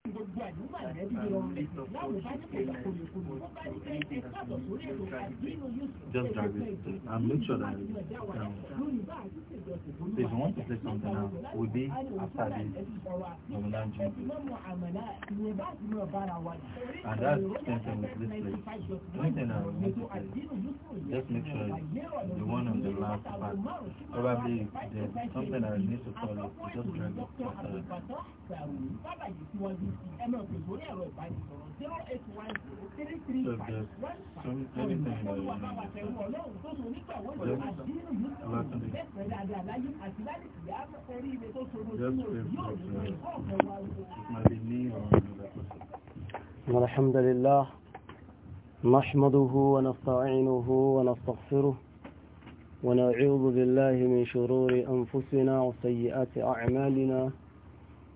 Just drag it and make sure that um, if you want to play something now, we'll be after this Ramadan And that's the same thing with this place. I to just make sure the one on the last part, probably there's something I need to follow, just drag it after that. الحمد لله نحمده ونستعينه ونستغفره ونعوذ بالله من شرور أنفسنا وسيئات أعمالنا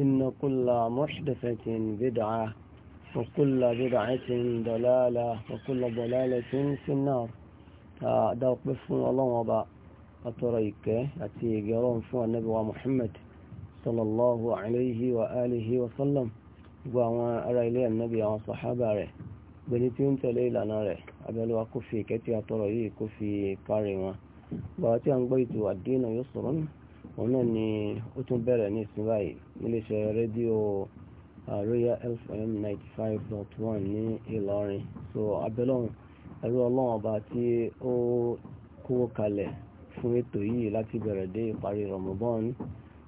إن كل محدثة بدعة وكل بدعة دلالة، وكل ضلالة في النار دعوة بفهم الله وبا أتريك أتي قرون فوى النبي محمد صلى الله عليه وآله وسلم وما أرى إليه النبي وصحابه رأي بنتي أنت ليلة ناري أبلوا كفي كتي أتريك كفي كارما وأتي أنبيت الدين يسرا òun ni ó tún bẹ̀rẹ̀ ní ìsìn báyìí níléeṣẹ́ rédíò Royal FM ninety five dot one ní Ìlọrin so abẹ́lọ́hùn ẹrú ọlọ́run ọba tí ó kówó kalẹ̀ fún ètò yìí láti bẹ̀rẹ̀ dé ìparí Ramadan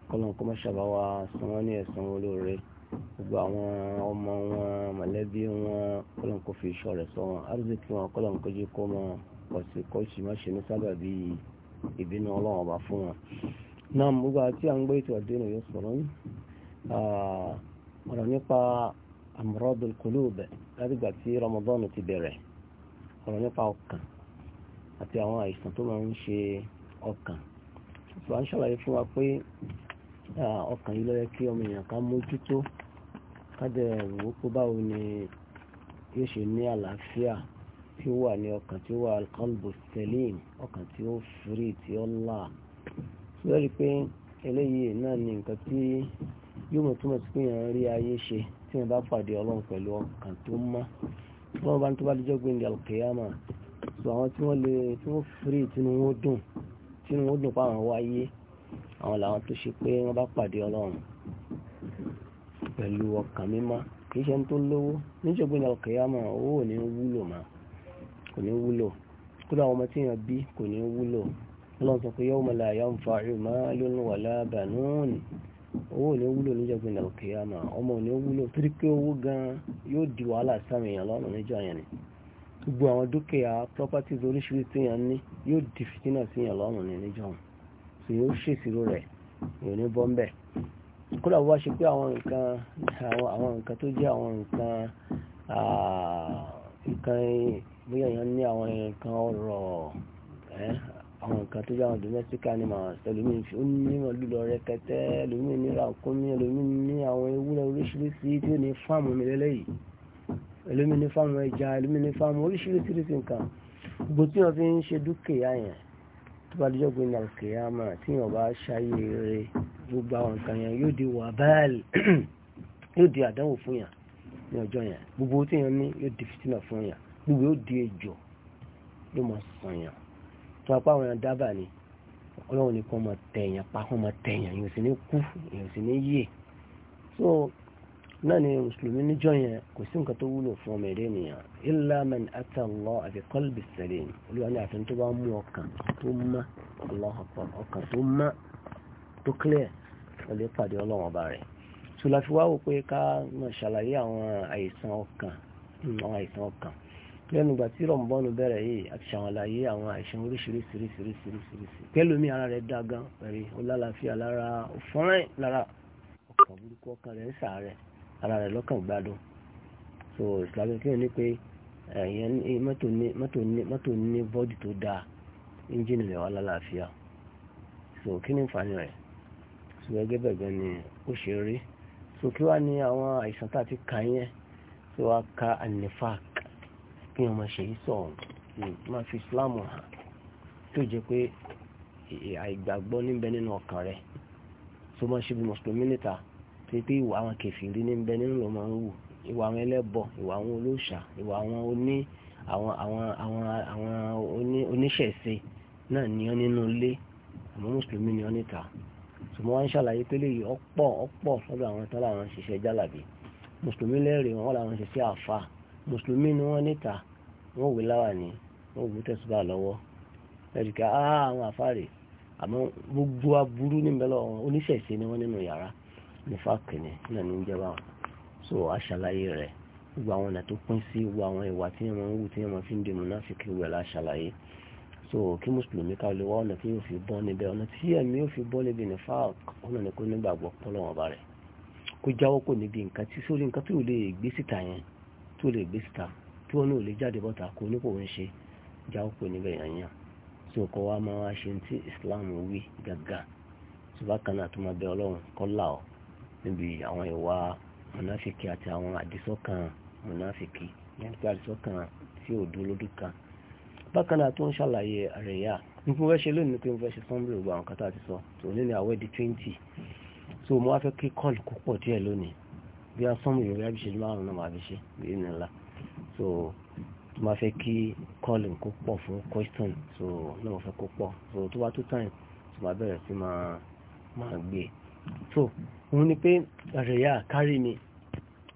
kọ́lọ́n kọ́ mọ́ṣábà wa san wọ́n ní ẹ̀san olóore gbogbo àwọn ọmọ wọn mọ̀lẹ́bí wọn kọ́lọ́n kó fi iṣọ́ rẹ̀ sọ wọn arúgbìkì wọn kọ́lọ́n kó jí kó mọ kọ́ọ̀sì má ṣe ní sábàbí ìbínú ọlọ́run ọba fún wọn náà gbogbo àti à ń gbé ètò àdéhùn yóò sọ̀rọ̀ ní ọ̀rọ̀ nípa amradul qulub láti gbà tí Ramadan ti bẹ̀rẹ̀ ọ̀rọ̀ nípa ọkàn àti àwọn àìsàn tó máa ń ṣe ọkàn tó à ń ṣàlàyé fún wa pé ọkàn yìí lọ́yẹ kí ọmọ èèyàn ká mójútó kájẹ ìwò kó báwo ni yóò ṣe ní àlàáfíà tí ó wà ní ọkàn tí ó wà salim ọkàn tí ó firi tí ó yóò rí pé eléyìí náà ni nǹkan tí yóò mọ̀ túmọ̀ sí pé èèyàn rí ayé ṣe tí èèyàn bá pàdé ọlọ́run pẹ̀lú ọkàn tó mọ́ wọ́n bá ń tó bá lè jọ́gbìn ní alkiyama so àwọn tí wọ́n lè tí wọ́n firi tínú wọn dùn tínú wọn dùn pa àwọn wáyé àwọn làwọn tó ṣe pé wọ́n bá pàdé ọlọ́run pẹ̀lú ọkàn mímọ́ kì í ṣe ń tó lówó níjọ́gbìn ní alkiyama owó ò ní wúlò mà kò ní wúlò kódà àwọn ọmọ tí èèyàn bí kò ní wúlò ọlọ́run sọ pé yawma la yanfa'u malun wala banun owó ò ní wúlò níjọba ìlà òkè àmà ọmọ ò ní wúlò torí pé owó gan yóò di wàhálà sáwọn èèyàn lọ́rùn níjọ yẹn ni gbogbo àwọn dúkìá properties oríṣiríṣi tí yẹn ní yóò di fìtínà sí yẹn lọ́rùn ní níjọ wọn sì yóò ṣèṣirò rẹ̀ yóò ní bọ́m̀bẹ̀ kódà bó bá ṣe pé àwọn nǹkan àwọn nǹkan tó jẹ́ àwọn nǹkan nǹkan bóyá èèyàn ní àwọn nǹkan ọ̀rọ̀ àwọn nǹkan tó jáwọn domestic animals ẹlòmíì fi ó ní ọlúlọ rẹkẹtẹ ẹlòmíì ní ràkúnmí ẹlòmíì ní àwọn ewúrẹ́ oríṣiríṣi tí ó ní fáàmù mi lélẹ́yìí ẹlòmíì ní fáàmù ẹja ẹlòmíì ní fáàmù oríṣiríṣiríṣi nǹkan gbogbo tí wọn fi ń ṣe dúkìá yẹn tó bá dijọ́ gbé ní àkèyà mà tí wọn bá ṣayé rere gbogbo àwọn nǹkan yẹn yóò di wà báàlì yóò di àdánwò fún yàn ní ọjọ́ yẹn gbogbo tí yẹn ní yóò di fìtínà fún yàn gbogbo yóò di ejò yóò máa sàn yàn tó apá àwọn èèyàn dábàá ni ọlọ́run nìkan máa tẹ̀yàn pa kán máa tẹ̀yàn èèyàn sì ní kú èèyàn sì ní yíè so náà ni mùsùlùmí níjọ́ yẹn kò sí nǹkan tó wúlò fún ọmọ èdè ènìyàn illa man àti qalbi salim olúwa ní àfihàn tó bá mú ọkàn tó má Allahu ọkàn tó má tó clear ọlẹ́ pàdé ọlọ́run ọba rẹ̀ so láfi wá wò pé ká ṣàlàyé àwọn àìsàn ọkàn lẹ́nu ìgbà tí rọ̀mùbọ́ọ̀nù bẹ̀rẹ̀ yìí àti ṣàwàlàyé àwọn àìsàn oríṣiríṣiríṣiríṣiríṣi pẹ̀lú mi ara rẹ̀ dá gan pẹ̀lú ó lálàáfíà lára òfúnrẹ́ lára ọkàn burúkú ọkàn rẹ̀ ń sàárẹ̀ ara rẹ̀ lọ́kàn gbádùn so ìsìlámù kí ni pé ẹ̀yẹn eh, mọ́tò ní bọ́dì tó dáa ẹ́ńjìnì rẹ̀ wà lálàáfíà so kí ni ìfàní rẹ̀ so gẹ́gẹ́ bẹ̀gẹ́ ni ó ṣe rí so kí wá ní àwọn àìsàn tá a ti kà yẹn so wá ka anifak kí ọmọ ṣe yí sọ máa fi islam hàn tó jẹ pé àìgbàgbọ́ níbẹ̀ nínú ọkàn rẹ̀ tó máa ṣe bí mùsùlùmí níta tó pé ìwà àwọn kẹfìrí níbẹ̀ nínú ló máa ń wù ìwà àwọn ẹlẹ́bọ ìwà àwọn olóòṣà ìwà àwọn oní àwọn àwọn àwọn àwọn oníṣẹ̀ṣe náà ní ọ nínú ilé àmọ́ mùsùlùmí ní ọ níta tó máa ń ṣàlàyé pé léyìí ọ̀pọ̀ ọ̀pọ̀ lọ́dọ̀ àwọn tó láwọn ṣiṣẹ́ jálàbí mùsùlùmí lẹ́rìí wọn láwọn ṣiṣẹ́ àfáà mùsùlùmí ni wọ́n níta wọ́n wé láwàní wọ́n wé tẹ̀síbà lọ́wọ́ ẹ̀ríkà àwọn àfáàrè àmọ́ gbogbo aburú níbẹ̀ lọ oníṣẹ̀ṣe ni wọ́n nínú yàrá nífà kìnnì náà ní ìjọba so aṣàlàyé rẹ̀ gbogbo àwọn ọ̀nà tó pín sí gbogbo àwọn ìwà tí wọ́n ń wù tí wọ́n fi ń dìmú náà fi kiri wẹ̀lá so kí mùsùlùmí ká lè wá ọ̀nà tí yóò fi bọ́ níbẹ̀ ọ̀nà tí ẹ̀mí yóò fi bọ́ níbi nífà ọ̀nà ni kó nígbàgbọ́ pọ́lọ́wọ́n bá rẹ̀ kó jáwọ́ kò níbi nǹkan tí sórí nǹkan tí ò lè gbé síta yẹn tó lè gbé síta tí wọn náà lè jáde bọ́ta kó ní kò ń ṣe já ó pè níbẹ̀ yànyàn tí o kọ́ wa máa wá ṣe ti Islam wí gàgà tí bákan náà tó máa bẹ Ọlọ́run kọ́ là ọ́ níbi àwọn ìwà mọ̀náfìkì àti àwọn àdìsọ́kàn mọ̀náfìkì yẹn pé àdìsọ́kàn tí ò dúró lódì kan bákan náà tó ń ṣàlàyé àrẹ̀yà nípa fẹ́ ṣe lónìí pé mo ṣe sọ́mbìrì gbogbo àwọn kátà ti sọ tòun ní àwẹ̀ di twenty so mo wá fẹ́ kí kọ́ọ̀lù kó pọ̀ díẹ̀ lónìí bí a sọ́mù yorùbá bí ṣèjú márùn náà máa fi ṣe bí ní ńlá so tó máa fẹ́ kí calling kó pọ̀ fún question so náà mo fẹ́ kó pọ̀ so tó bá tó time tó máa bẹ̀rẹ̀ sí máa máa gbé so òun ni pé àṣẹyà kárí mi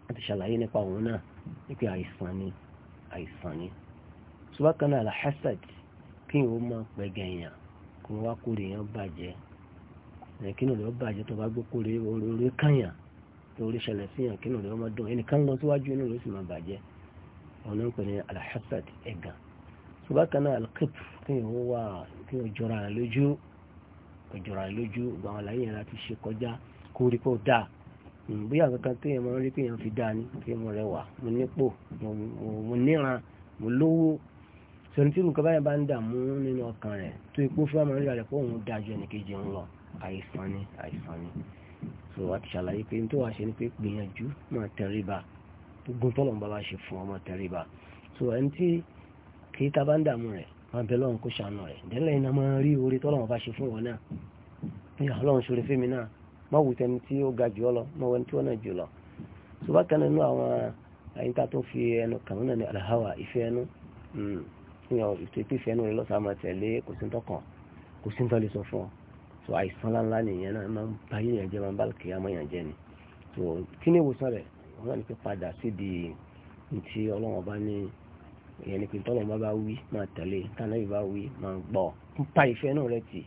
àti ṣàlàyé nípa òun náà ni pé àìsàn ni àìsàn ni so bákan náà alhassad kí n ò máa pẹ̀gẹ̀ èèyàn kí wọ́n wá kórè èèyàn bàjẹ́ ẹ̀kí náà lọ́ọ́ bàjẹ́ tó bá gbé kórè orí kányàn torí ṣẹlẹ̀ sí yàn kínú rẹ̀ ọmọ dùn ẹnìkan lọ síwájú inú rẹ̀ sì máa bàjẹ́ ọ̀nà ń pè ní alhassad ẹ̀gàn ṣùgbọ́n kan náà alkip kí n ò wà kí n ò jọra rẹ̀ lójú kò jọra rẹ̀ lójú gbọ́n àwọn àlàyé yẹn láti ṣe kọjá kó rí kó dáa hmm, bóyá kankan téèyàn máa ń rí kéèyàn fi dáa ni kéèyàn mo rẹwà mo nípò mo níran tí nǹkan báyìí bá ń dààmú nínú ọkàn rẹ̀ tó ipò fún àmọ́ rẹ̀ pé òun dáa ẹnìkejì ń lọ àìsàn ni àìsàn ni so a ti ṣàlàyé pé tó wà ṣe ni pé gbìyànjú máa tẹríba gbogbo tọ́lọ̀ bá ṣe fún ọmọ tẹríba so ẹni tí kì í ta bá ń dààmú rẹ̀ máa bẹ lọ́run kó ṣàánú rẹ̀ dẹ́lẹ̀ iná máa rí orí tọ́lọ̀ wọn bá ṣe fún wọn náà ìyá ah, ọlọ́run ṣòro fẹ́mi náà má wù tẹni tí ó ga jù ọ lọ má wẹni tí wọ́n náà jù lọ so bákan nínú àwọn àyíká tó fi ẹnu kàn náà ni alhawa ìfẹ́ ẹnu hmm. ìyá ètò ìpìfẹ́ ẹnu rẹ̀ lọ́sàá máa tẹ̀lé kò sí ń sọ fún ọ so àìsàn ńláńlá nìyẹn náà máa ń ba yíyan jẹ máa ń bá kì í amáyàn jẹ ni so kí ni ìwòsàn rẹ wọn náà ní pé padà síbi ntí ọlọ́wọ́n bá ní ìyẹn ni pé tọ́lọ́wọ́n bá bá wí máa tẹ̀lé tànà yìí bá wí máa gbọ́ pa ìfẹ́ náà rẹ tì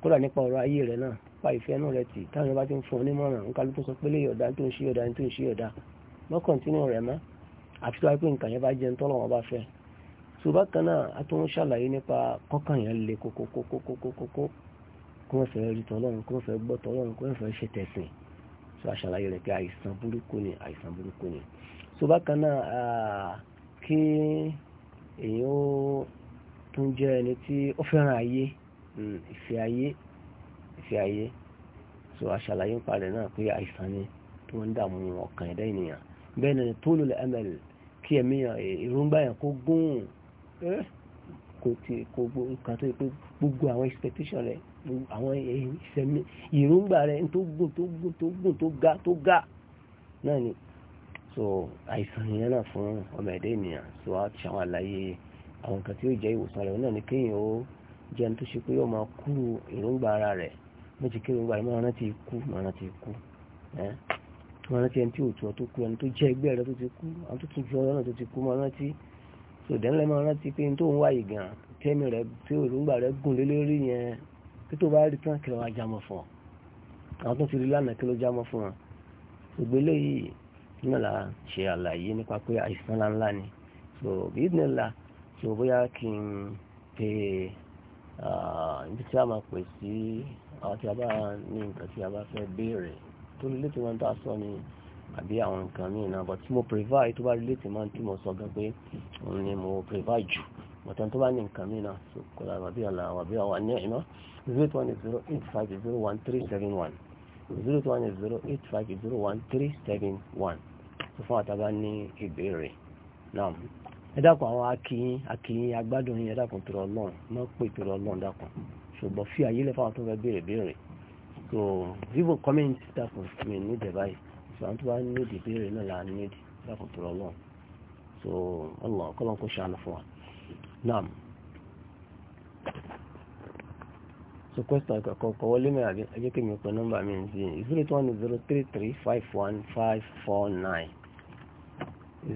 kódà nípa ọ̀rọ̀ ayé rẹ náà pa ìfẹ́ náà rẹ tì táwọn bá ti ń fún ọ nímọ̀ràn ń kálukú sọ pé léyọ̀dá tó ń ṣe yọ̀dá tó ń ṣe yọ̀dá mọ́kàntínú rẹ̀ mọ́ àfi tó wáyé pé nǹkan yẹn bá jẹun tọ́lọ́wọ́n bá fẹ́ kí wọ́n fẹ́ rí tọ́lọ́run kí wọ́n fẹ́ gbọ́ tọ́lọ́run kí wọ́n ṣe tẹ̀sìn so aṣàlàyé rẹ̀ pé àìsàn burúkú ni àìsàn burúkú ni so bákan náà kí èèyàn ó tún jẹ́ ẹni tí ó fẹ́ràn ayé hmm, ìfẹ́ ayé ìfẹ́ ayé so aṣàlàyé ń parẹ̀ náà pé àìsàn ni tó ń dààmú ọkàn ẹ̀dá ènìyàn bẹ́ẹ̀ ni tó lò lẹ́mẹ̀lì kí ẹ̀mí ìrúngbà yẹn kó gún eh, kò tí kò gbó nǹkan tó yẹ pé gbogbo àwọn expectation rẹ̀ àwọn ìṣẹ̀mí ìrúngbà rẹ̀ tó gùn tó gùn tó gùn tó ga tó ga náà ni so àìsàn yẹn náà fún ọmọ ẹ̀dẹ́ ènìyàn so a ti àwọn àlàyé àwọn nǹkan tí ó jẹ́ ìwòsàn rẹ̀ náà ni kéèyàn ó jẹ́ ẹni tó ṣe pé yóò máa kú ìrúngbà ara rẹ̀ mo ti kí ìrúngbà rẹ̀ máa rántí ikú máa rántí ikú máa rántí ẹni tí ò tó kú ẹni tó jẹ́ ẹgbẹ́ rẹ̀ tó ti kú àwọn tó tún ju ọlọ́run tó ti kú máa rántí so ìdánilẹ́ máa rántí pé ní tó ń wáyé gan tẹ́mi rẹ̀ tí ìrúngbà rẹ̀ gùn lé yẹn pé tó bá rí tán kí lọ́wọ́ jámọ́ fún ọ àwọn tó ti rí lánàá kí ló jámọ́ fún ọ gbogbo eléyìí náà la ṣe àlàyé nípa pé àìsàn ńláńlá ni so bí ìdílé so bóyá kí n pe ibi tí a máa pè sí àwọn tí a bá ní nǹkan tí a bá fẹ́ béèrè tó lè tí wọ́n dá sọ ni àbí àwọn nǹkan míì náà but mo prefer tó bá relate máa ń tí mo sọ gan pé òun ni mo prefer jù bọ̀tán tó bá ní nǹkan míì náà so kọ́lá àbí àlà àbí àwọn àníyàn náà 08108501371 08108501371 tó fún àtàbá ní ìbéèrè náà ẹ dákun àwọn akíyín akíyín agbádùn yín ẹ dákun tó rọlọ́n mọ́ pé tó rọlọ́n dákun ṣùgbọ́n fi àyè lẹ́fọ́ àwọn tó fẹ́ béèrè béèrè so vivo comment dákun mi ní dẹ̀báyì so àwọn tó bá ní ìbéèrè náà là ní dákun tó rọlọ́n so ọlọ́ọ̀ kọ́lọ́n kó ṣàánú fún wa náà. so question Call me. wọlé mi àbí me your number, pẹ̀ nọ́mbà mi sí zero eight one zero three three five one five four nine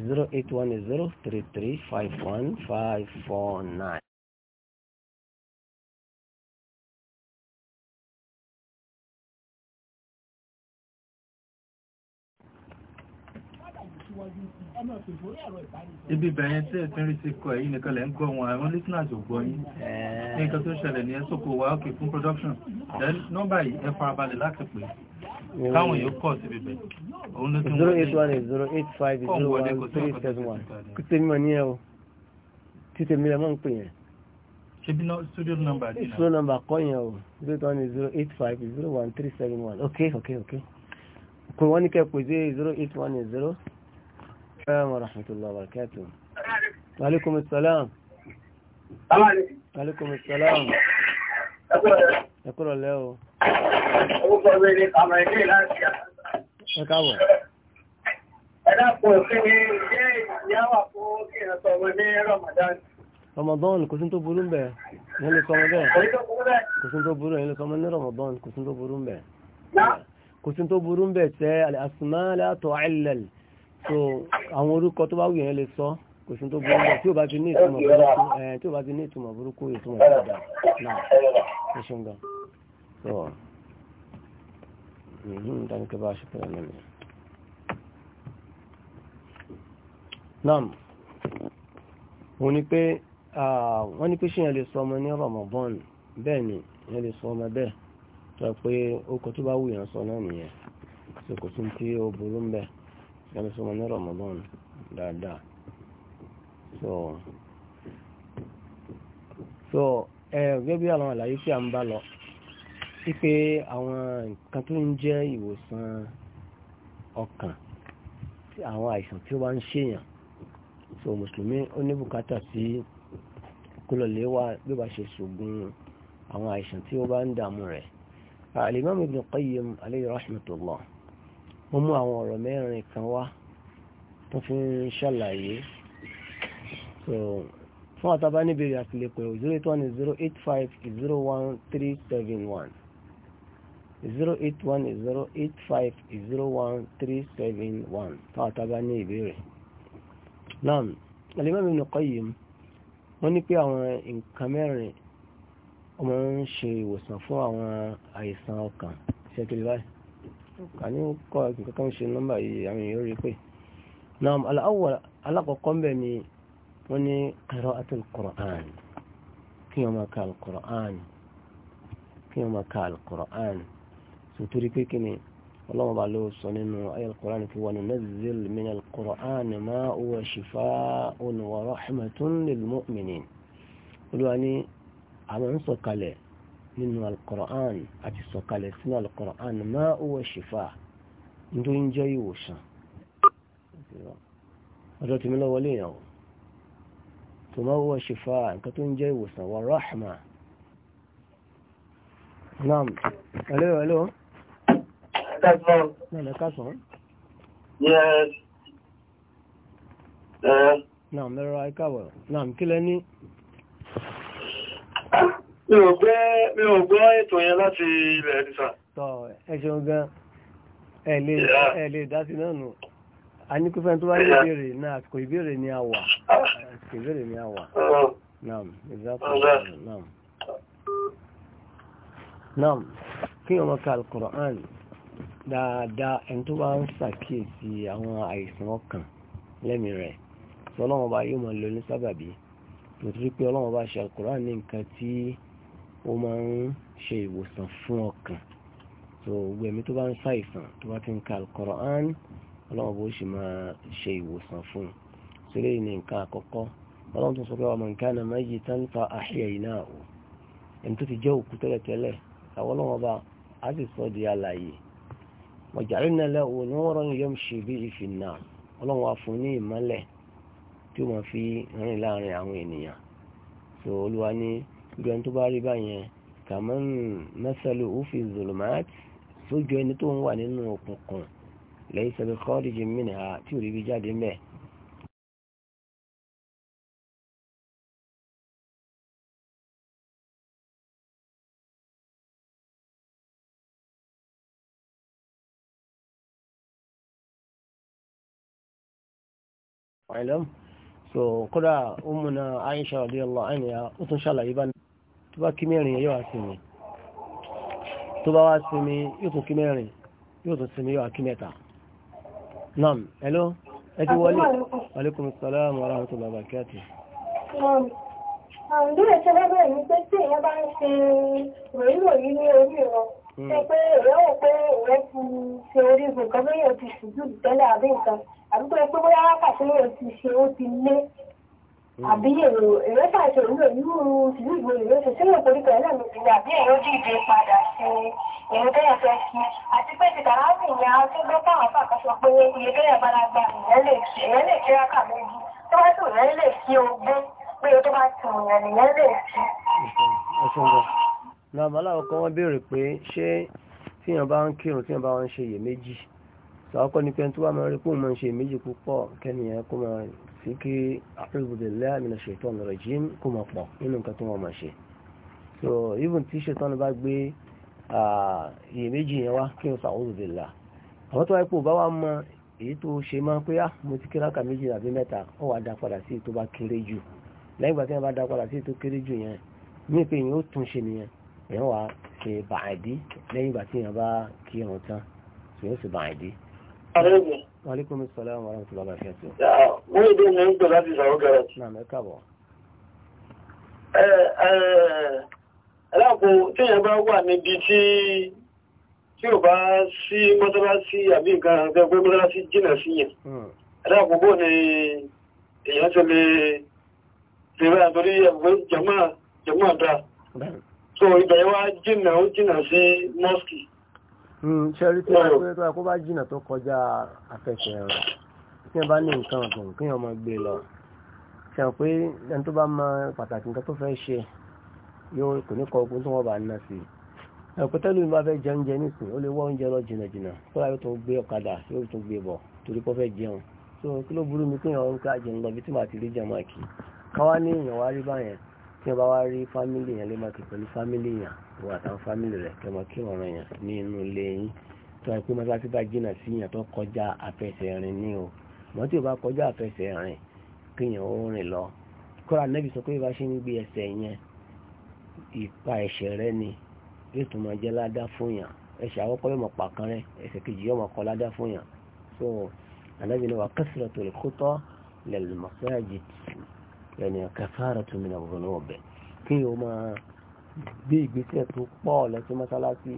zero eight one zero three three five one five four nine. síwájú ibi bẹ̀yẹn tí ẹ̀tún rí sí kọ èyí nìkan lẹ́ ń kọ́ wọn àwọn listeners ò gbọ́ yín ní nǹkan tó ṣẹlẹ̀ ní ẹ́sọ́kò wà ókè fún production then nọ́mbà yìí ẹ farabalẹ̀ láti pè káwọn yóò kọ́ sí bíbẹ̀ òun ló tún wọ́n ní 08108501371 kí tèmi mọ̀ ní ẹ o tí tèmi rẹ̀ máa ń pè yẹn ṣe zero studio number dì náà studio number kọ́ yẹn o 08108501371 ok ok ok kò wọ́n ní kẹ́ pè sí 08108 السلام ورحمة الله وبركاته وعليكم السلام وعليكم السلام شكراً الله أقول رمضان كنت بقولون به هنا رمضان كنت بقولون هنا كمان رمضان كنت بقولون به نعم. كنت بقولون به الأسماء لا تعلل so àwọn orúkọ tó bá wù yẹn lè sọ kò sí tó burú bẹ́ẹ̀ tí ò bá ti ní ìtumọ̀ burúkú ẹ̀ eh, tí ò bá ti ní ìtumọ̀ burúkú ìtumọ̀ ìdá náà ẹ ṣeun gan. Mhm, dáníkẹ́ bá ṣe pẹ̀lú ẹ̀mí. nam òun ni pé wọ́n ní pé ṣé yẹn lè sọ ọmọ ní Ramadan bẹ́ẹ̀ ni yẹn lè sọ ọmọ bẹ́ẹ̀ tó yẹ pé ó kọ tó bá wù yẹn sọ náà nìyẹn so kò sí tí ó burú ń lẹ́nu sọmọ ní Ramadan dáadáa so so ẹ gẹ́gẹ́ bí àwọn àlàyé tí a ń bá lọ sí pé àwọn nǹkan tó ń jẹ́ ìwòsàn ọkàn àwọn àìsàn tí ó bá ń ṣèyàn so mùsùlùmí ó ní bùkátà sí kúlọ̀lé wa bí wàá ṣe ṣògùn àwọn àìsàn tí ó bá ń dààmú rẹ̀ Al-Imam Ibn Qayyim alayhi rahmatullah mo mú àwọn ọ̀rọ̀ mẹ́rin kan wá tó fi ń ṣàlàyé fún àtàbá níbèrè àtìlè pé 08108501371 08108501371 fún àtàbá ní ìbéèrè náà Al-Imam Ibn Qayyim wọ́n ní pé àwọn nǹkan mẹ́rin ọmọ ń ṣe ìwòsàn fún àwọn àìsàn ọkàn ṣẹ́kìlì báyìí àní kọ́ nǹkan kan ṣe nọ́mbà yìí àwọn èèyàn rí pé náà aláwọ̀ alákọ̀ọ́kọ́ ń bẹ̀ ni wọ́n ní qira'atul Qur'an kí wọ́n máa ka al-Qur'an kí wọ́n máa ka al-Qur'an sotori pé kí ni ọlọ́wọ́ bá ló sọ nínú ayé al-Qur'an kí wọ́n nunazzil min al-Qur'an ma huwa shifaa'un wa rahmatun lil mu'minin olúwa ní àwọn ń sọ̀kalẹ̀ nínú al-Qur'an àti sọ̀kalẹ̀ sínú al-Qur'an ma huwa shifa nítorí ń jẹ́ ìwòsàn ọjọ́ tí mi lọ wọlé yàn o tó ma huwa shifa nǹkan tó ń jẹ́ ìwòsàn wa rahma naam hello hello. naam kí lẹ ní mi ò gbọ́ ètò yẹn láti ilẹ̀ ẹ̀dìsà. tọ́ ẹ ṣeun gan ẹ lè dá sí náà nù a ní pípẹ́ tó bá ní ìbéèrè náà àsìkò ìbéèrè ni a wà àsìkò ìbéèrè ni ah. nam exactly nam nam kí ọmọ ka alukoran dáadáa ẹni tó bá ń ṣàkíyèsí àwọn àìsàn ọkàn lẹ́mí rẹ̀ sọlọ́wọ́n bá yóò máa lo ní sábàbí nítorí pé ọlọ́wọ́n bá ṣe alukoran ní nǹkan tí ó máa ń ṣe ìwòsàn fún ọkàn so gbogbo ẹ̀mí tó bá ń ṣàìsàn tó bá ti ń ka Al-Qur'an ọlọ́run bó ṣe máa ṣe ìwòsàn fún un sílẹ̀ ní nǹkan àkọ́kọ́ ọlọ́run tó sọ pé wa man kana mayyitan fa ahyaynahu ẹni tó ti jẹ́ òkú tẹ́lẹ̀tẹ́lẹ̀ àwọn ọlọ́run ọba á sì sọ di alààyè wa ja'alna lahu nuran yamshi bihi fin nas ọlọ́run wa fún ní ìmọ́lẹ̀ tí ó máa fi rìn láàrin àwọn ènìyàn so olúwa ní gbẹ̀n tó bá rí báyẹn kàmán mẹ́sàlú òfi zolomat sójú ẹni tó ń wà nínú òkùnkùn lẹ́yìn sẹ́bẹ̀ kọ́ọ̀dìjì mìnira tí ò rí bí jáde mẹ́ẹ̀. Hello so kódà ọmọnà Aisha radiyallahu anha ó tún ṣàlàyé bá tó bá kí mẹ́rin yóò wá sinmi tó bá wá sinmi yóò tún kí mẹ́rin yóò tún sinmi yóò wá kí mẹ́ta nam hello ẹ wọlé aleykum salaam wa rahmatullahi wa barakatuh àǹdúrà pé tí èèyàn bá ń ṣe orí ìran hmm. kan bí ti ṣùjú tẹ́lẹ̀ àbí àdúgbò pé bóyá wákàtí lè ti ṣe ó ti lé hmm. àbí èrò èrò ṣàṣẹ òwúrò yóò ìlú ìwé ìwé ṣe sílẹ̀ torí kan náà ló ti rí àbí èrò dìde padà ṣe èrò tẹ́yà fẹ́ kí àti pé ti tàrà sì ní àwọn tó gbé fáwọn fàkà sọ pé iye tẹ́yà bá la gba ìyẹn lè kí rákà méjì tó bá sì ìyẹn lè kí ogún pé tó bá ti ìyẹn ìyẹn lè kí. nàbàlà ọkọ wọn béèrè pé ṣé tíyàn bá ń kírun tíyàn bá ń ṣe iyèméjì sọ́kọ́ ní pé tó wà máa rí pé òun máa ń ṣe méjì púpọ̀ kẹ́nìyàn kó máa fi kí a'udhu billahi minash shaitonir rajim kó máa pọ̀ nínú nǹkan tó wọ́n máa ṣe so even tí ṣètọ́nù bá gbé iyèméjì yẹn wá kí n sa'udhu billahi àwọn tó wáyé pé òbá wa mọ èyí tó ṣe máa ń pé á ah, mo ti kíra ka méjì àbí mẹ́ta ó wàá da padà sí èyí tó bá kéré jù lẹ́yìn ìgbà tí wọ́n Aleykum salaam wa rahmatullahi wa barakatuh. Wọ́n èdè mọ̀ ń pẹ̀ láti ìsàwọ́ gẹ̀rẹ̀. Náà mẹ́ka bọ̀. Ẹ̀ẹ́dàpọ̀ tí èèyàn bá wà níbi tí tí ò bá sí mọ́sálásí àbí nǹkan àgbẹ̀ pé mọ́sálásí jìnà sí yẹn. Ẹ̀ẹ́dàpọ̀ hmm. bó ni èèyàn ṣe lè ṣe rẹ̀ àtọ́rí ẹ̀gbẹ́ jẹ̀mọ́ àdá. So Hmm, ṣẹ́rí tó ẹgbẹ́ tó ẹkó bá jìnà tó kọjá afẹ́fẹ́ rẹ̀ tí wọ́n bá ní nǹkan ọ̀gbọ̀n kí wọ́n máa gbé lọ ṣe pé ẹni tó bá mọ pàtàkì nǹkan tó fẹ́ ṣe yóò kò ní kọ ogun tó wọ́n bá ń ná sí i ẹ̀kọ́ tẹ́lú mi bá fẹ́ jẹ oúnjẹ nísìn ó lè wọ́ oúnjẹ lọ jìnà jìnà tó láyé tó gbé ọ̀kadà yóò tó gbé bọ̀ torí kó fẹ́ jẹun tó kí ló burú mi kí wọ́n ń tí wọ́n bá wá rí fámílì yẹn lè máa kí pẹ̀lú fámílì yẹn wọ́n àtàwọn fámílì rẹ̀ kẹ́ máa kí ọ̀ràn yẹn ní inú ilé yín tó wáyé pé mọ́tàlásí bá jìnnà sí yẹn tó kọjá àfẹsẹ̀ rìn ní o mọ́ tí o bá kọjá àfẹsẹ̀ rìn kí yẹn ó rìn lọ kọ́ra nẹ́bí sọ pé bá ṣe ń gbé ẹsẹ̀ yẹn ìpa ẹ̀ṣẹ̀ rẹ ni yóò tún máa jẹ́ ládá fún yàn ẹ̀ṣẹ̀ àkọ́kọ́ yóò máa pàkan rẹ ẹ̀ṣẹ̀ kejì yóò máa kọ́ ládá fún yàn so ànábìnrin wa kẹsìrẹ̀ tó lè kótó lẹ́lẹ́mọ̀sáàjì yẹn kafaratu min adh-dhunub kí o máa gbé ìgbésẹ̀ tó pọ̀ lẹ́sí mọ́sálásí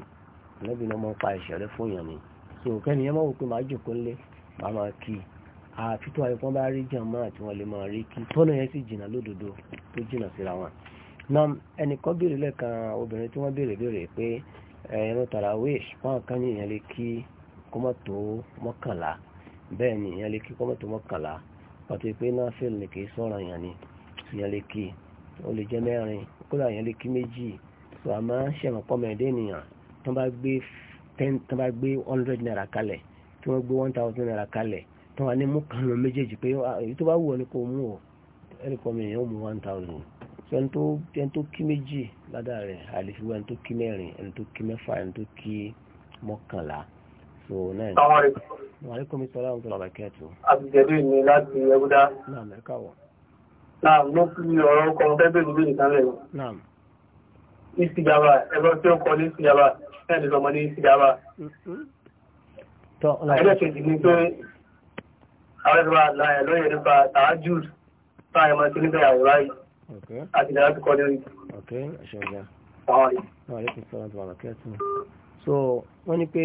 ànábì náà máa pa ìṣẹ̀rẹ́ fún yàn so kẹ́ni yẹn máa wò pé màá jòkó ńlẹ̀ màá máa kí i tó bá rí jàmá àti wọn lè máa rí kí tọ́nà yẹn sì lódodo tó síra wọn. na ẹnìkan béèrè lẹ́ẹ̀kan obìnrin tí wọ́n béèrè béèrè pé ẹran àti pé náfìlì ni kìí sọ̀rọ̀ yàn ni ìyàn lè kí ó lè jẹ́ mẹ́rin kódà yàn lè kí méjì tó a máa ń ṣẹ̀wọ̀n pọ́mọ ẹ̀dẹ́ ènìyàn tó bá gbé ten tó bá gbé hundred naira kalẹ̀ tí wọ́n gbé one thousand naira kalẹ̀ tó wà ní mú kanu méjèèjì pé ah, èyí tó bá wù ọ́ ni kò mú ọ ẹni pọ́mọ èèyàn ó mú one thousand so ẹni tó ẹni tó kí méjì ládàá rẹ̀ àlefiwé ẹni tó kí mẹ́rin ẹni tó kí mẹ́fà ẹni tó kí mọ́kànlá so náà. Wàlékùn mi sọ́lá ọ̀dọ́ àbàkẹ́tù. Àbùjẹ̀bí mi láti Ẹgúdá. Náà mẹ́ka wọ̀. Náà mo fi ọ̀rọ̀ ọkọ̀ fẹ́ lórí ìtàn rẹ̀. Náà. Ìsìgàbà ẹ̀rọ tí ó kọ ní ìsìgàbà ẹ̀ lè ní ìsìgàbà. Ẹgbẹ́ kejì ni pé àwọn ẹ̀rọ àlà lóye nípa tàájú táyà máa ti àwòrán yìí. Àti ìdára So wọ́n ní pé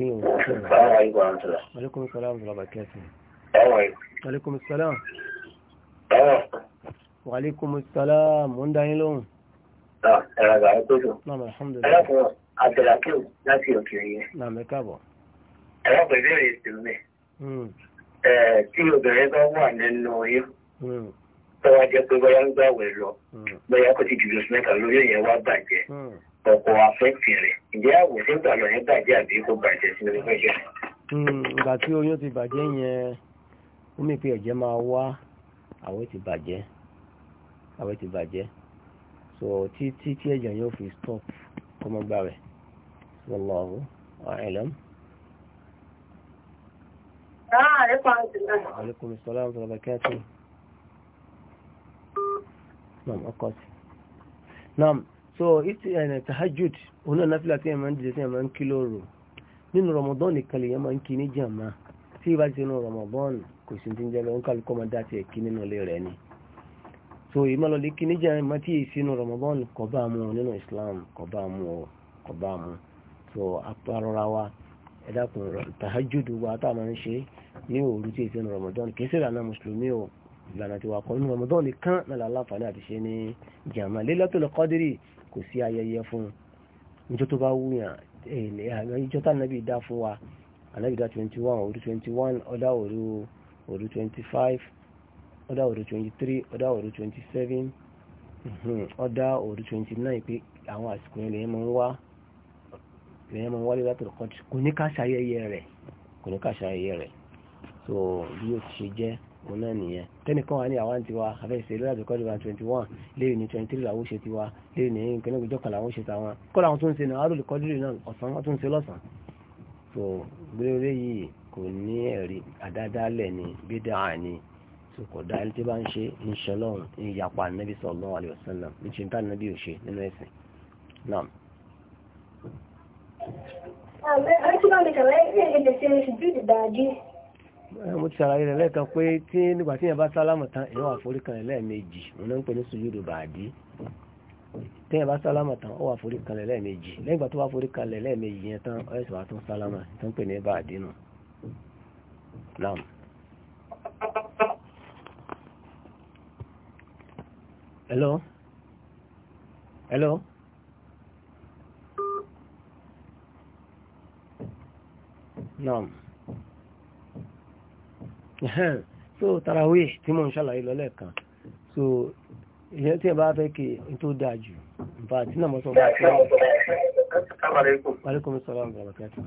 الرقيم السلام عليكم ورحمة الله وعليكم السلام ورحمة الله وبركاته وعليكم السلام وعليكم السلام من دعين نعم الحمد لله عبد الحكيم لا في وكيلية نعم كابو أنا بغير يسمي tí obìnrin bá wà nínú oyún tó wá jẹ́ pé bóyá ń gbàwẹ̀ lọ bóyá kò ti jù lóṣù mẹ́ta lórí ìyẹn wá bàjẹ́ ọkọ̀ afẹ́fì rẹ̀ ìjẹ́ àwọ̀ tí ó gbà lọ́yìn bàjẹ́ àbí kò bàjẹ́ sí orí fẹ́jẹ́. Hmm, ìgbà tí oyún ti bàjẹ́ yẹn ó mì pé ẹ̀jẹ̀ máa wá àwẹ̀ ti bàjẹ́ àwẹ̀ ti bàjẹ́ so tí tí tí ẹ̀jẹ̀ yóò fi stop kọ́mọ́gbà rẹ̀ wallahu a'lam. Aleykum salaam wa barakatuh. Naam, ọkọ̀ sí. Naam so eh, tahajjud òun náà náfìlà tí yẹn máa ń dìde tí yẹn máa ń kí lóru nínú Ramadan nìkan lè yẹn máa ń kí ní jàmá tí ìbá ti nínú Ramadan kò sí ti ń jẹ́ lọ́wọ́ kálukọ́ máa dá tiẹ̀ kí nínú ilé rẹ̀ ni so ìmọ̀ lọ́lẹ́ kí ní jàmá tí yìí sínú Ramadan kò bá mu nínú Islam kò bá mu kò bá mu so apárọ́ra wa ẹ̀dàkùn tahajjud wa tá a máa ń ṣe ní òru tí ìsinú Ramadan kìí sí ìlànà mùsùlùmí o ìlànà tí wà kọ́ nínú Ramadan nìkan náà láǹfààní àti ṣe ní jàmá Lailatul Qadri kò sí ayẹyẹ fún un níjọ́ tó bá wúyàn ìjọ tá nàbí dá fún wa ànábì dá 21 òru 21 ọ̀dá òru 25 ọ̀dá òru 23 ọ̀dá òru 27 ọ̀dá òru 29 mhm, pé àwọn àsìkò yẹn lèyẹn máa ń wá lèyẹn máa ń kò ní ká ṣayẹyẹ rẹ̀ kò ní ká ṣayẹyẹ rẹ̀ so bí ó ti ṣe jẹ́ òun náà nìyẹn tẹ́nìkan wà ní àwọn tiwa afẹ́sẹ̀ lórí àjọkọ́ ìdìbò twenty one léyìí ní twenty three làwọn ó ṣe tiwa léyìí ní nǹkan ìjọ kan làwọn ó ṣe tàwọn kọ́ làwọn tó ń ṣe náà àrùn ìkọ́jú náà ọ̀sán wọn tó ń ṣe lọ́sàn-án so gbélé yìí kò ní ẹ̀rí àdádálẹ̀ ni bídà ni tó kò dá ẹni tí bá ń ṣe ń ṣe lọ́run ń yapa nàbí sallallahu alaihi wasallam ń ṣe ń tà nàbí òṣè nínú ẹ̀sìn náà. àmì àti bá mi kàwé ẹ̀ ẹ̀ lè ṣe ìṣubú ìdìbò àjí Eh, mo ti ṣàlàyé rẹ̀ lẹ́ẹ̀kan pé tí nígbà tí yẹn bá sálámù tán èèyàn wà forí kan lẹ́ẹ̀mejì mo náà ń pè ní sùjúdù bàdí tí yẹn bá sálámù tán ó wà forí kan lẹ́ẹ̀mejì lẹ́yìn ìgbà tó wà forí kan lẹ́ẹ̀mejì yẹn tán ó yẹsùn wà tún sálámù tó ń pè ní bàdí nù. hello hello. naam. No so tarawih tí mo ń ṣàlàyé lọ lẹ́ẹ̀kan so ìyẹn tí ẹ bá fẹ́ kí n tó dáa jù nípa àti náà mọ́tò bá tẹ́ Wàlékùm sàlámù wa barakatuh.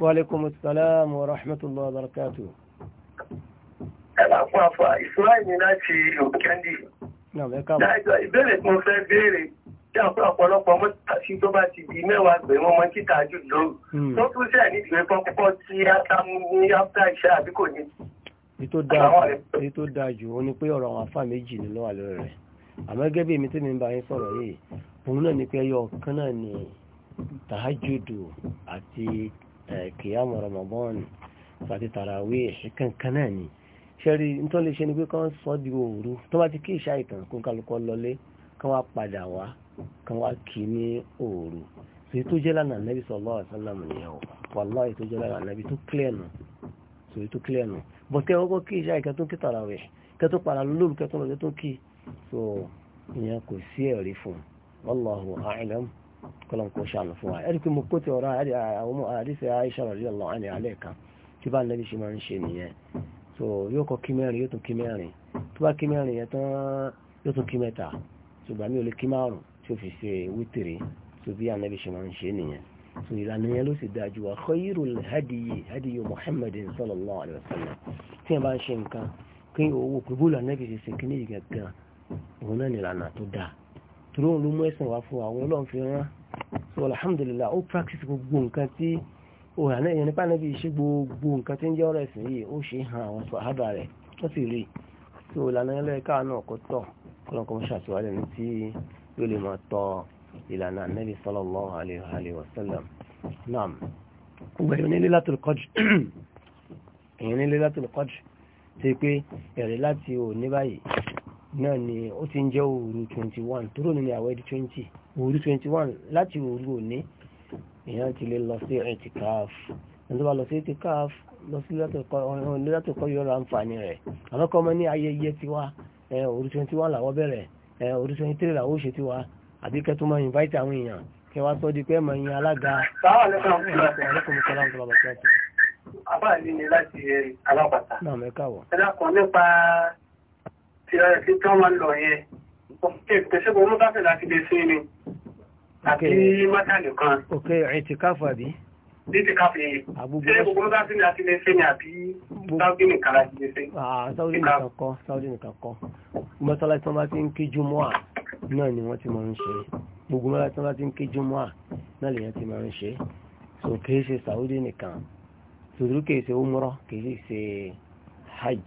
Wàlékùm sàlámù wa rahmatullahi wa barakatuh. Ẹ̀là fẹ́ béèrè dáàbò ọ̀pọ̀lọpọ̀ ọmọ tàṣí tó bá ti di mẹ́wàá gbẹ̀rún ọmọ títà jù lóru hmm. tó tún sẹ́ẹ̀ ní ìwé pọ́pọ́ tí átámú ní áfíà iṣẹ́ àbí kò ní. èyí tó dáa jù ó ní pé ọ̀rọ̀ àwọn afá méjì nínú àlọ́ rẹ̀ àmọ́ gẹ́gẹ́ bí èmi tí mi ń bá yín sọ̀rọ̀ yìí òun náà ni pé ẹyọ ọ̀kan náà ni tàájùdù àti kìyàmù Ramadan àti tàràwé ẹ̀ṣẹ̀kan kan náà ni ṣẹ́rí nítorí ṣe ni pé kán sọ́ di òru tó bá ti kí ìṣá ìtàn kó kálukọ́ lọlé kan wá padà wá kan wá kì í ní òòrù so ètò jẹ́ lánàá nẹ́bí sallallahu alaihi wasallam nìyẹn o wallahi ètò jẹ́ lánàá nẹ́bí tó clear nù so ètò clear nù bọ̀tẹ́ ọkọ̀ kí ìṣá ìkẹ́ tó ń kí rẹ̀ kẹ́ tó padà lóòrù kẹ́ tó lọ́jọ́ tó kí so ìyẹn kò sí ẹ̀rí fún wallahu a'lam kọ́lọ́n kò ṣàánú fún wa ẹ̀rí pé mo kó ti ọ̀rọ̀ àwọn àdìsẹ́ Aisha radiyallahu anha alẹ́ kan tí bá nẹ́bí ṣe máa ń ṣe nìyẹn so yóò kọ́ kí mẹ́rin yóò tún kí mẹ́rin tó bá kí mẹ́rin yẹn tán yóò tún kí mẹ́ta ṣùgbọ́n mi ò lè kí márùn tí ó fi ṣe wítìrì tó bí ànábì ṣe máa ń ṣe nìyẹn tó ìlànà yẹn ló sì dájú wa khairul hadiyi hadiyi muhammadin sallallahu alayhi wa sallam tí yẹn bá ń ṣe nǹkan kí owó pé bóòlù ànábì ṣe ṣe kíní yìí gangan òun náà nìlànà tó dáa torí òun ló mú ẹsẹ̀ wá fún àwọn ọlọ́run so alhamdulillah ó practice gbogbo nǹkan tí òun àná ìyẹn nípa ànábì ṣe gbogbo nǹkan tí ń jẹ́ ọ̀rọ̀ ẹ̀sìn yìí ó ṣe hàn àwọn sàhábà rẹ̀ wọ́n sì rí so ìlànà yẹn lọ́yẹ̀ká kọ́lọ́n kọ́ mọ́ṣáàtì wà lẹ́nu tí yóò lè máa tọ ìlànà anábì sallallahu alaihi wa sallam náà gbogbo ẹ̀yọ́ ní Lailatul Qadr ẹ̀yọ́ ní Lailatul Qadr ti pé ẹ̀rẹ̀ láti òní báyìí náà ni ó ti ń jẹ́ òru 21 tó rò ní àwọ̀ ẹ̀dí 20 òru 21 láti òru òní èèyàn ti lè lọ sí etikaf ẹni tó bá lọ sí etikaf lọ sí Lailatul Qadr yọ̀ọ́ àǹfààní rẹ̀ àlọ́kọ́ ọmọ ní ayẹyẹ tiwa òru twenty one làwọn bẹ̀rẹ̀ òru twenty three làwọn ò ṣe tiwa àbí kẹ́tọ́ máa invite àwọn èèyàn kí wá sọ di pé mọ̀ yín alága. sáwọn ọ̀lẹ́kọ̀ọ́ fún mi. ọ̀lẹ́kùnrin kọ́lá ń tọ́lá bàtí àti. àbáàlì ni láti alápàtà. náà mẹ́ka wọ̀. ẹ dákun nípa tirẹ̀ eh, tí tí wọ́n máa ń lọ yẹn pèsèkò olùdáfẹ́ láti lè sí ni àti mọ́tà nìkan. òkè ẹ̀ ti káfà bí títí ká fi ṣe gbogbo bá sí ní àti lè ṣe ní àbí sáúdí nìkan láti lè ṣe. Ah, sáúdí nìkan kọ́ sáúdí nìkan kọ́ mọ́sálásí wọn bá ti ń ké jùmọ́ à náà ni wọ́n ti máa ń ṣe gbogbo mọ́sálásí wọn bá ti ń ké jùmọ́ à náà lèyàn ti máa ń ṣe so kì í ṣe sáúdí nìkan tòdúrú kì í ṣe umrah kì í ṣe hajj.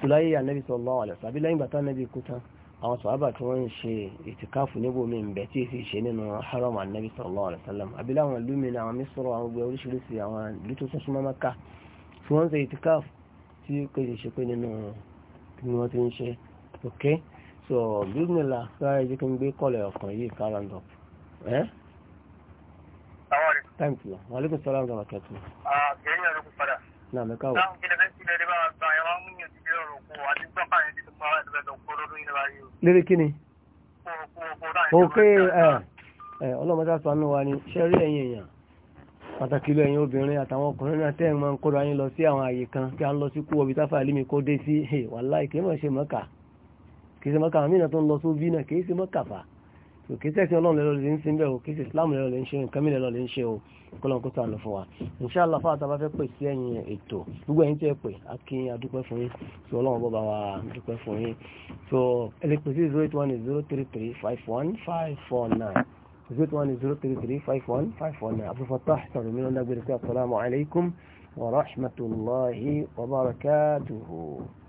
sùláyé anabi sallallahu alaihi wasallam àwọn sọ̀hábà tí wọ́n ń ṣe ìtìkáfù níbo mi ń bẹ̀ tí èsì ṣe nínú haram anabi sallallahu alayhi wa sallam abilá àwọn ìlú mi ní àwọn mísọ̀rọ̀ àwọn gbé oríṣiríṣi àwọn ìlú tó sún súnmọ́ mẹ́ka tí wọ́n ń ṣe ìtìkáfù tí so bismillah sáré jẹ́ kí n gbé kọ́lẹ̀ ọ̀kan eh? thank you wa aleykum salaam wa rahmatulah. àgbẹ̀yìn àlùkù padà. náà mẹ́ka wò. táwọn lérí kí ni òkè ẹ̀ ọlọ́mọdé sọ́nù wa ni ṣẹ́rí ẹ̀yìn èèyàn pàtàkì lọ ẹ̀yin obìnrin àtàwọn ọkùnrin náà tẹ́ ẹ̀ máa ń kóra yín lọ sí àwọn àyè kan kí a ń lọ sí kú ọbí táfà lími kó dé sí wàláì kì í mọ̀ ṣe mọ́kà kì í ṣe mọ́kà àmì náà tó ń lọ sí náà kì í ṣe mọ́kà fà kì í sẹ́sìn ọlọ́run lẹ́lọ́ lè ń sin bẹ́ẹ̀ o kì í sẹ́ islam lẹ́lọ́ lè ń ṣe nǹkan mìíràn lọ́ọ́ lè ń ṣe o kọ́lọ́n kó sànù fún wa inṣàlá fáwọn bá fẹ́ pè sí ẹ̀yìn ètò gbogbo ẹ̀yìn tí pè á kí fún yín tí ọlọ́run bọ́ wa dúpẹ́ fún yín so ẹ zero eight one zero three three five one five four nine zero eight one zero three three five one five four nine àbúrò fọtá sọ̀rọ̀ mi lọ́dọ̀ gbèrè pé assalamu alaikum wa rahmatulahi wa barakatuhu.